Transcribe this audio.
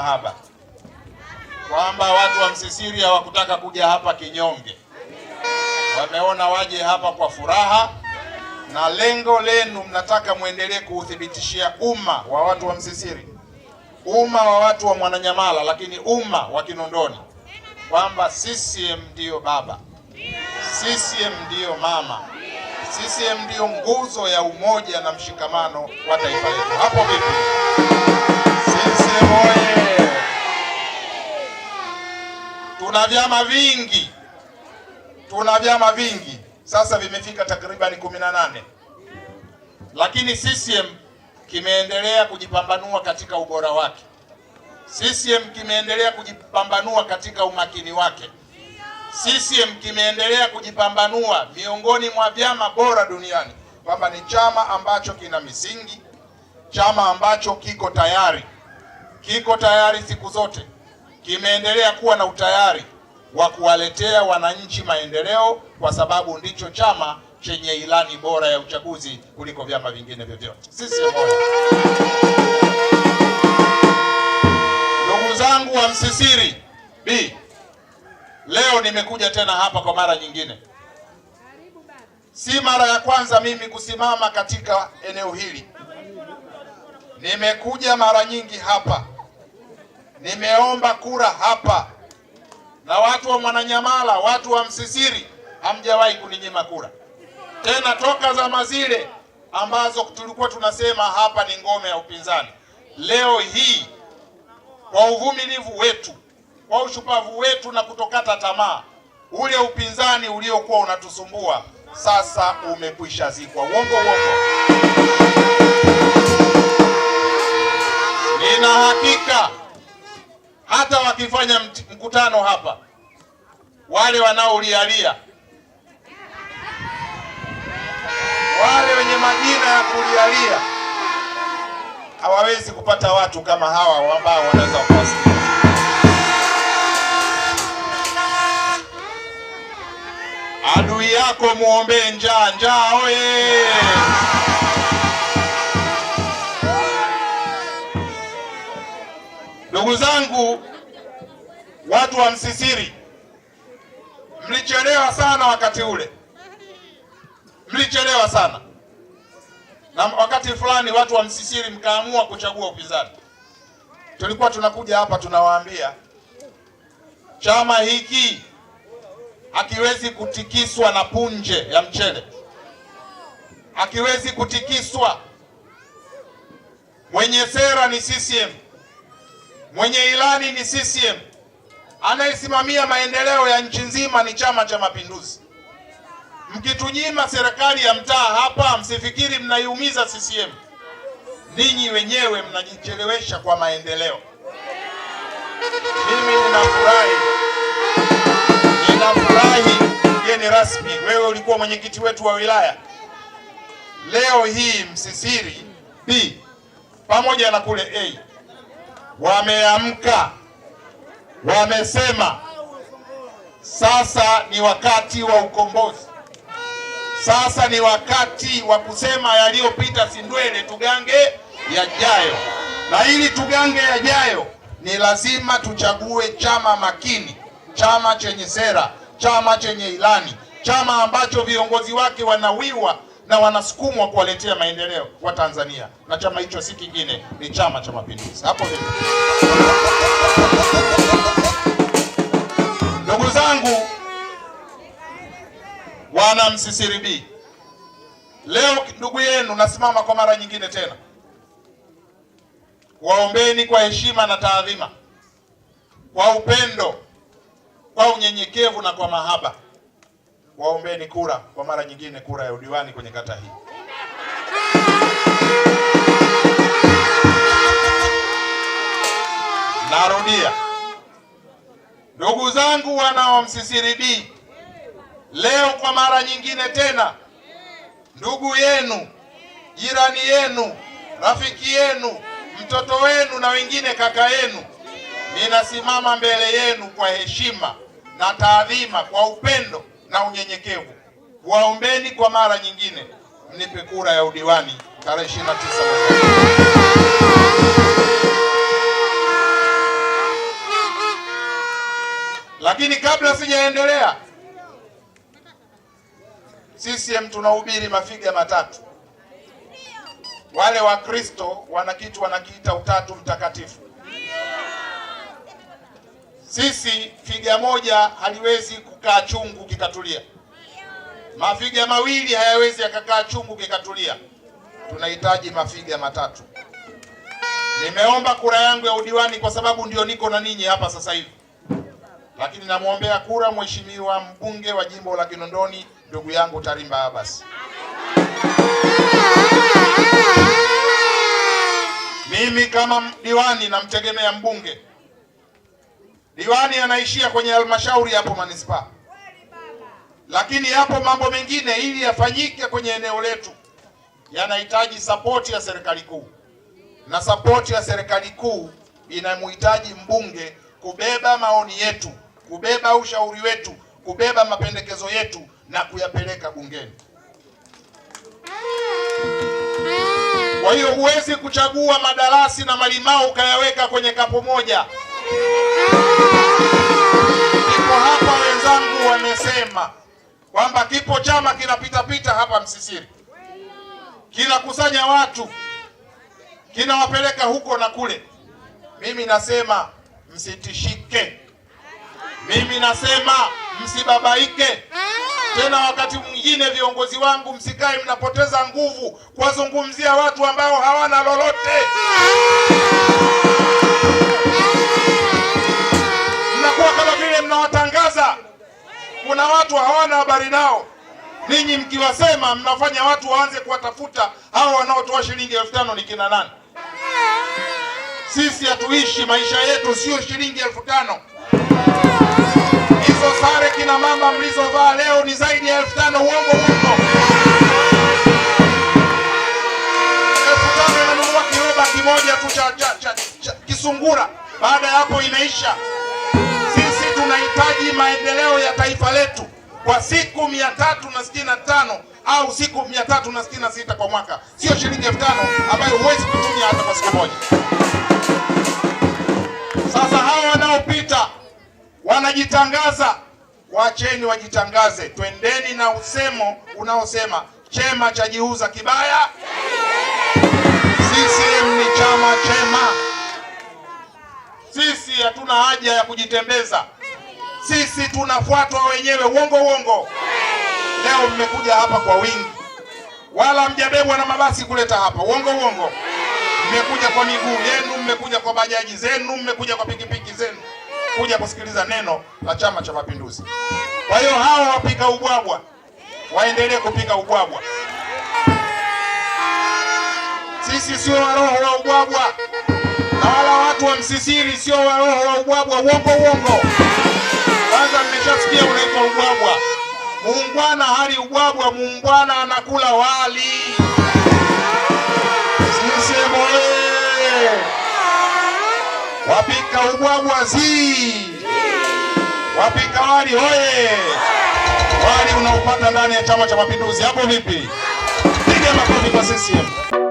mahaba, kwamba watu wa Msisiri hawakutaka kuja hapa kinyonge, wameona waje hapa kwa furaha, na lengo lenu mnataka mwendelee kuuthibitishia umma wa watu wa Msisiri, umma wa watu wa Mwananyamala, lakini umma wa Kinondoni kwamba CCM ndiyo baba, CCM ndiyo mama, CCM ndiyo nguzo ya umoja na mshikamano wa taifa letu. Hapo vipi? CCM oye! Tuna vyama vingi, tuna vyama vingi sasa vimefika takribani kumi na nane, lakini CCM kimeendelea kujipambanua katika ubora wake. CCM kimeendelea kujipambanua katika umakini wake. CCM kimeendelea kujipambanua miongoni mwa vyama bora duniani kwamba ni chama ambacho kina misingi, chama ambacho kiko tayari kiko tayari siku zote, kimeendelea kuwa na utayari wa kuwaletea wananchi maendeleo, kwa sababu ndicho chama chenye ilani bora ya uchaguzi kuliko vyama vingine vyovyote. Sisi moja, ndugu zangu wa Msisiri B, leo nimekuja tena hapa kwa mara nyingine. Si mara ya kwanza mimi kusimama katika eneo hili Nimekuja mara nyingi hapa, nimeomba kura hapa, na watu wa Mwananyamala, watu wa Msisiri, hamjawahi kuninyima kura tena toka zama zile ambazo tulikuwa tunasema hapa ni ngome ya upinzani. Leo hii kwa uvumilivu wetu, kwa ushupavu wetu na kutokata tamaa, ule upinzani uliokuwa unatusumbua sasa umekwisha zikwa. Uongo uongo. Nina hakika hata wakifanya mkutano hapa, wale wanaolialia, wale wenye majina ya kulialia hawawezi kupata watu kama hawa ambao wanaweza kuwasikia. Adui yako muombee njaa. Njaa oye! Ndugu zangu watu wa Msisiri, mlichelewa sana wakati ule, mlichelewa sana na wakati fulani watu wa Msisiri mkaamua kuchagua upinzani. Tulikuwa tunakuja hapa tunawaambia chama hiki hakiwezi kutikiswa na punje ya mchele, hakiwezi kutikiswa. Mwenye sera ni CCM mwenye ilani ni CCM, anayesimamia maendeleo ya nchi nzima ni Chama cha Mapinduzi. Mkitunyima serikali ya mtaa hapa, msifikiri mnaiumiza CCM, ninyi wenyewe mnajichelewesha kwa maendeleo. Mimi ninafurahi, ninafurahi geni rasmi, wewe ulikuwa mwenyekiti wetu wa wilaya, leo hii Msisiri B pamoja na kule A wameamka, wamesema sasa ni wakati wa ukombozi, sasa ni wakati wa kusema yaliyopita si ndwele, tugange yajayo. Na ili tugange yajayo, ni lazima tuchague chama makini, chama chenye sera, chama chenye ilani, chama ambacho viongozi wake wanawiwa na wanasukumwa kuwaletea maendeleo wa Tanzania, na chama hicho si kingine, ni Chama cha Mapinduzi. Hapo ndugu zangu wana Msisiribi, leo ndugu yenu nasimama kwa mara nyingine tena waombeni kwa heshima na taadhima, kwa upendo, kwa unyenyekevu na kwa mahaba waombeni kura kwa mara nyingine, kura ya udiwani kwenye kata hii. Narudia, ndugu zangu, wana wa Msisiridi, leo kwa mara nyingine tena, ndugu yenu, jirani yenu, rafiki yenu, mtoto wenu na wengine kaka yenu, ninasimama mbele yenu kwa heshima na taadhima, kwa upendo na unyenyekevu, waombeni kwa mara nyingine, mnipe kura ya udiwani tarehe 29 Lakini kabla sijaendelea, CCM tunahubiri mafiga matatu. Wale Wakristo wana kitu wanakiita utatu mtakatifu. Sisi figa moja haliwezi kukaa chungu kikatulia, mafiga mawili hayawezi yakakaa chungu kikatulia, tunahitaji mafiga matatu. Nimeomba kura yangu ya udiwani kwa sababu ndio niko na ninyi hapa sasa hivi, lakini namwombea kura mheshimiwa mbunge wa jimbo la Kinondoni ndugu yangu Tarimba Abbas. Mimi kama diwani namtegemea mbunge diwani anaishia kwenye halmashauri hapo manispaa, lakini yapo mambo mengine ili yafanyike kwenye eneo letu yanahitaji sapoti ya serikali kuu, na sapoti ya serikali kuu inamhitaji mbunge kubeba maoni yetu, kubeba ushauri wetu, kubeba mapendekezo yetu na kuyapeleka bungeni. Kwa hiyo huwezi kuchagua madarasi na malimao ukayaweka kwenye kapu moja. kwamba kipo chama kinapitapita hapa Msisiri, kinakusanya watu, kinawapeleka huko na kule. Mimi nasema msitishike, mimi nasema msibabaike. Tena wakati mwingine, viongozi wangu, msikae mnapoteza nguvu kuwazungumzia watu ambao hawana lolote. Mnakuwa kama kuna watu hawana habari nao. Ninyi mkiwasema mnafanya watu waanze kuwatafuta hao wanaotoa shilingi elfu tano ni kina nani? Sisi hatuishi, maisha yetu sio shilingi elfu tano. Hizo sare kina mama mlizovaa leo ni zaidi ya elfu tano. Uongo huko elfu tano inanunua kiroba kimoja tu cha, cha, cha, cha kisungura. Baada ya hapo inaisha tunahitaji maendeleo ya taifa letu kwa siku mia tatu na sitini na tano au siku mia tatu na sitini na sita kwa mwaka, sio shilingi elfu tano ambayo huwezi kutumia hata kwa siku moja. Sasa hawa wanaopita wanajitangaza, wacheni wajitangaze, twendeni na usemo unaosema chema cha jiuza kibaya. CCM ni chama chema, sisi hatuna haja ya kujitembeza sisi tunafuatwa wenyewe. Uongo uongo. Leo mmekuja hapa kwa wingi, wala mjabebwa na mabasi kuleta hapa. Uongo uongo. Mmekuja kwa miguu yenu, mmekuja kwa bajaji zenu, mmekuja kwa pikipiki zenu kuja kusikiliza neno la Chama cha Mapinduzi. Kwa hiyo hawa wapika ubwabwa waendelee kupika ubwabwa. Sisi sio waroho wa ubwabwa na wala watu wa Msisiri sio waroho wa ubwabwa. Uongo uongo. Kwanza nimeshasikia unaitwa ubwabwa. Muungwana hali ubwabwa, muungwana anakula wali. Sisemu Wapika ubwabwa zi wapika wali hoye! Wali unaopata ndani ya Chama cha Mapinduzi hapo vipi? Piga makofi kwa CCM.